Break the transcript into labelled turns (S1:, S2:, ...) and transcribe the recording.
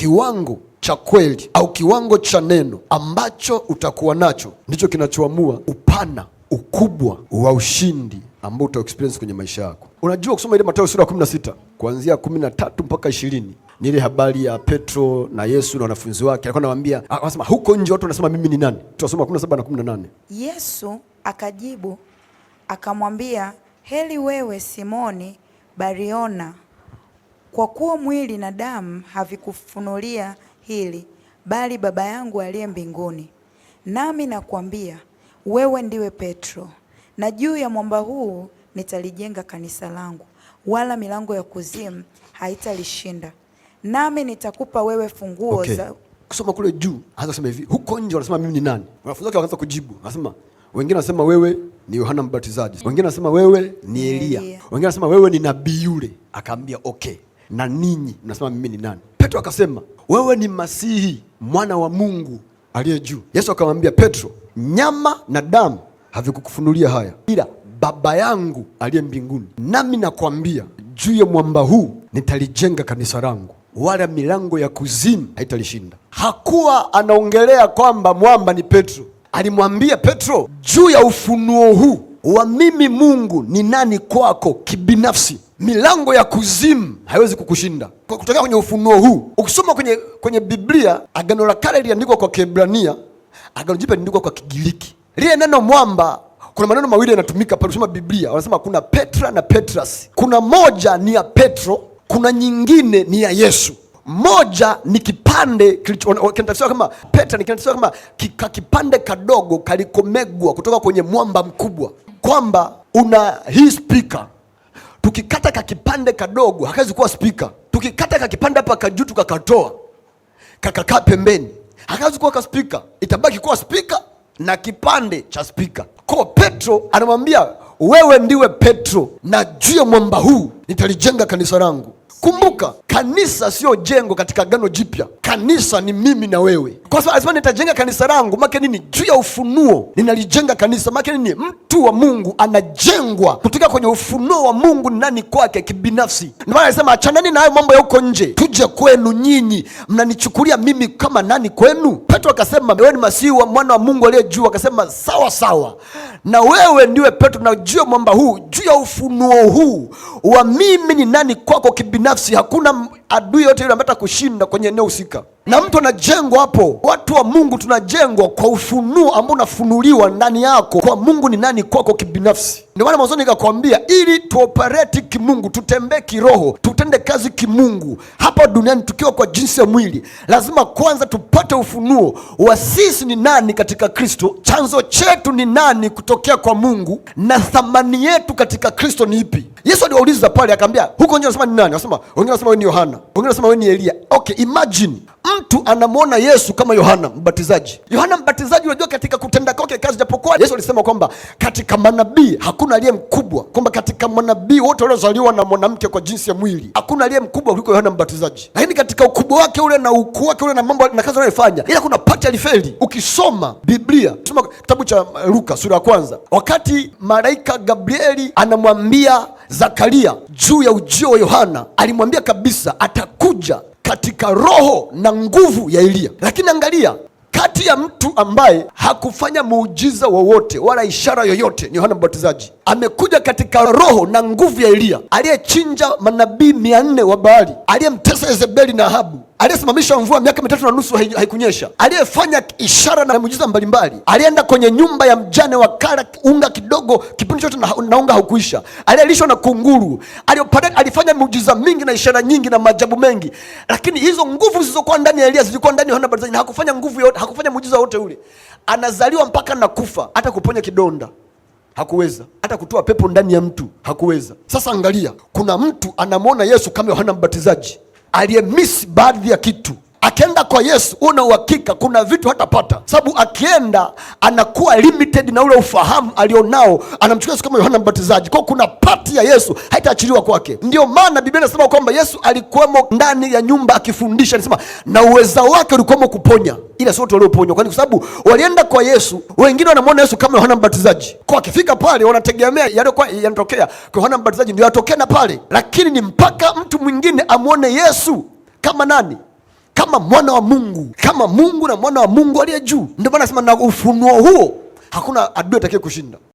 S1: kiwango cha kweli au kiwango cha neno ambacho utakuwa nacho ndicho kinachoamua upana, ukubwa wa ushindi ambao uta experience kwenye maisha yako. Unajua, kusoma ile Mathayo sura ya 16 kuanzia 13 mpaka 20 ni ile habari ya Petro na Yesu na wanafunzi wake, alikuwa anawaambia, ah, anasema huko nje watu wanasema mimi ni nani? Tutasoma 17 na 18.
S2: Yesu akajibu akamwambia, heli wewe Simoni Bariona, kwa kuwa mwili na damu havikufunulia hili, bali Baba yangu aliye mbinguni. Nami nakwambia wewe ndiwe Petro, na juu ya mwamba huu nitalijenga kanisa langu, wala milango ya kuzimu haitalishinda. Nami nitakupa wewe funguo okay. za
S1: kusoma kule juu anaweza sema hivi, huko nje wanasema mimi ni nani? Wanafunzi wake wakaanza kujibu, anasema wengine wanasema wewe ni Yohana Mbatizaji, wengine wanasema wewe ni Elia, wengine wanasema wewe ni nabii yule. Akaambia okay na ninyi mnasema mimi ni nani? Petro akasema wewe ni Masihi mwana wa Mungu aliye juu. Yesu akamwambia Petro, nyama na damu havikukufunulia haya, ila Baba yangu aliye mbinguni. Nami nakwambia juu ya mwamba huu nitalijenga kanisa langu, wala milango ya kuzimu haitalishinda. Hakuwa anaongelea kwamba mwamba ni Petro, alimwambia Petro juu ya ufunuo huu wa mimi Mungu ni nani kwako kibinafsi. Milango ya kuzimu haiwezi kukushinda. Kutokea kwenye ufunuo huu, ukisoma kwenye kwenye Biblia, agano la kale liandikwa kwa Kiebrania, agano jipya liandikwa kwa Kigiriki. Lile neno mwamba, kuna maneno mawili yanatumika pale kusoma Biblia, wanasema kuna Petra na Petras. Kuna moja ni ya Petro, kuna nyingine ni ya Yesu. Moja ni kipande kinatafsiriwa kama Petra, ni kinatafsiriwa kama kipande kadogo kalikomegwa kutoka kwenye mwamba mkubwa kwamba una hii spika, tukikata ka kipande kadogo hakawezi kuwa spika. Tukikata ka kipande hapa kajuu tukakatoa kakakaa pembeni hakawezi kuwa ka spika, itabaki kuwa spika na kipande cha spika. Kwa Petro anamwambia wewe ndiwe Petro, na juu ya mwamba huu nitalijenga kanisa langu. Kumbuka, kanisa sio jengo katika gano Jipya. Kanisa ni mimi na wewe, kwa sababu anasema nitajenga kanisa langu. Make nini? Juu ya ufunuo ninalijenga kanisa. Make nini? Mtu wa Mungu anajengwa kutoka kwenye ufunuo wa Mungu ndani kwake kibinafsi. Ndio maana anasema achanani na hayo mambo ya huko nje, tuje kwenu nyinyi. Mnanichukulia mimi kama nani kwenu? Petro akasema wewe ni Masihi wa mwana wa Mungu aliye juu. Akasema sawa sawa, na wewe ndiwe Petro, na juu ya mwamba huu, juu ya ufunuo huu wa mimi ni nani kwako kibinafsi binafsi, hakuna adui yote yule ambaye kushinda kwenye eneo husika, na mtu anajengwa hapo. Watu wa Mungu tunajengwa kwa ufunuo ambao unafunuliwa ndani yako kwa Mungu ni nani kwako kibinafsi. Ndio maana mwanzoni nikakwambia, ili tuopereti kimungu, tutembee kiroho, tutende kazi kimungu hapa duniani tukiwa kwa jinsi ya mwili, lazima kwanza tupate ufunuo wa sisi ni nani katika Kristo, chanzo chetu ni nani kutokea kwa Mungu, na thamani yetu katika Kristo ni ipi. Yesu aliwauliza pale, akaambia huko, wengine nasema ni nani? Anasema wengine wanasema wewe ni Yohana, wengine wanasema wewe ni Elia. Okay, imagine mtu anamwona Yesu kama Yohana Mbatizaji. Yohana Mbatizaji, unajua katika kutenda kwake kazi, japokuwa Yesu alisema kwamba katika manabii hakuna aliye mkubwa, kwamba katika manabii wote waliozaliwa na mwanamke kwa jinsi ya mwili hakuna aliye mkubwa kuliko Yohana Mbatizaji, lakini katika ukubwa wake ule na ukuu wake ule na mambo na kazi anayofanya, ila kuna pati alifeli. Ukisoma Biblia, soma kitabu cha Luka sura ya kwanza, wakati malaika Gabrieli anamwambia Zakaria juu ya ujio wa Yohana alimwambia kabisa atakuja katika roho na nguvu ya Eliya, lakini angalia kati ya mtu ambaye hakufanya muujiza wowote wa wala ishara yoyote ni Yohana Mbatizaji. Amekuja katika roho na nguvu ya Eliya, aliyechinja manabii mia nne wa Baali, aliyemtesa Yezebeli na Ahabu aliyesimamisha mvua miaka mitatu na nusu haikunyesha, aliyefanya ishara na miujiza mbalimbali, alienda kwenye nyumba ya mjane wa kala unga kidogo, kipindi chote na, unga haukuisha, aliyelishwa na kunguru, alifanya miujiza mingi na ishara nyingi na maajabu mengi, lakini hizo nguvu zilizokuwa ndani ya Elia zilikuwa ndani ya Yohana Mbatizaji, na hakufanya nguvu yote, hakufanya muujiza wote ule. Anazaliwa mpaka na kufa, hata kuponya kidonda hakuweza hata kutoa pepo ndani ya mtu hakuweza. Sasa angalia, kuna mtu anamwona Yesu kama Yohana Mbatizaji aliyemisi baadhi ya kitu, akenda kwa Yesu una uhakika kuna vitu hatapata, sababu akienda anakuwa limited na ule ufahamu alionao, anamchukua Yesu kama Yohana Mbatizaji. Kwa kuna pati ya Yesu haitaachiliwa kwake. ndio maana Biblia inasema kwamba Yesu alikuwemo ndani ya nyumba akifundisha, anasema na uweza wake ulikuwemo kuponya, ila sio walioponywa, kwani kwa sababu walienda kwa Yesu, wengine wanamwona Yesu kama Yohana Mbatizaji, kwa akifika pale wanategemea yaliyokuwa yanatokea kwa Yohana Mbatizaji ndio yatokea na pale, lakini ni mpaka mtu mwingine amwone Yesu kama nani? kama mwana wa Mungu, kama Mungu na mwana wa Mungu aliye juu. Ndio maana nasema na ufunuo huo hakuna adui atakaye kushinda.